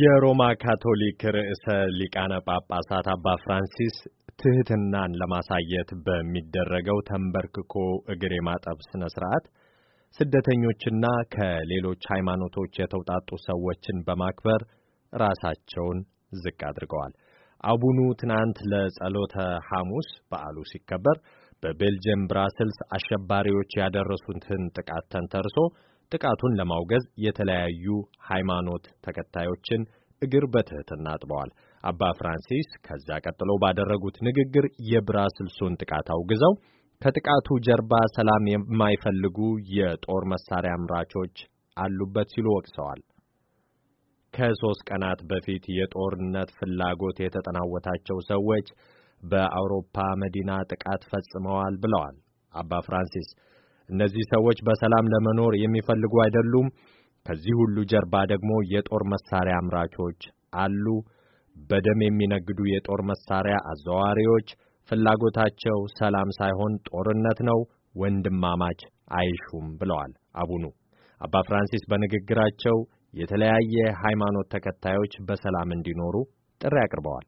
የሮማ ካቶሊክ ርዕሰ ሊቃነ ጳጳሳት አባ ፍራንሲስ ትህትናን ለማሳየት በሚደረገው ተንበርክኮ እግር የማጠብ ሥነ ሥርዓት ስደተኞችና ከሌሎች ሃይማኖቶች የተውጣጡ ሰዎችን በማክበር ራሳቸውን ዝቅ አድርገዋል። አቡኑ ትናንት ለጸሎተ ሐሙስ በዓሉ ሲከበር በቤልጅየም ብራስልስ አሸባሪዎች ያደረሱትን ጥቃት ተንተርሶ ጥቃቱን ለማውገዝ የተለያዩ ሃይማኖት ተከታዮችን እግር በትህትና አጥበዋል። አባ ፍራንሲስ ከዛ ቀጥሎ ባደረጉት ንግግር የብራስልሱን ጥቃት አውግዘው ከጥቃቱ ጀርባ ሰላም የማይፈልጉ የጦር መሳሪያ አምራቾች አሉበት ሲሉ ወቅሰዋል። ከሶስት ቀናት በፊት የጦርነት ፍላጎት የተጠናወታቸው ሰዎች በአውሮፓ መዲና ጥቃት ፈጽመዋል ብለዋል አባ ፍራንሲስ እነዚህ ሰዎች በሰላም ለመኖር የሚፈልጉ አይደሉም። ከዚህ ሁሉ ጀርባ ደግሞ የጦር መሳሪያ አምራቾች አሉ። በደም የሚነግዱ የጦር መሳሪያ አዘዋዋሪዎች ፍላጎታቸው ሰላም ሳይሆን ጦርነት ነው፣ ወንድማማች አይሹም ብለዋል አቡኑ። አባ ፍራንሲስ በንግግራቸው የተለያየ ሃይማኖት ተከታዮች በሰላም እንዲኖሩ ጥሪ አቅርበዋል።